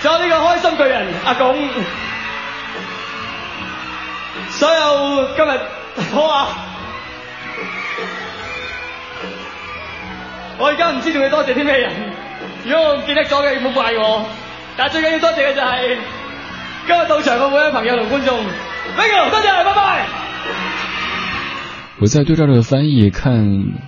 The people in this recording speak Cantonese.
仲有呢個開心巨人阿公。所有今日好啊！我而家唔知仲要多謝啲咩人，如果我唔記得咗嘅，唔好怪我。但最緊要多謝嘅就係、是、今日到場嘅每位朋友同觀眾，Vigo，多謝，拜拜。我再對照呢個翻譯看。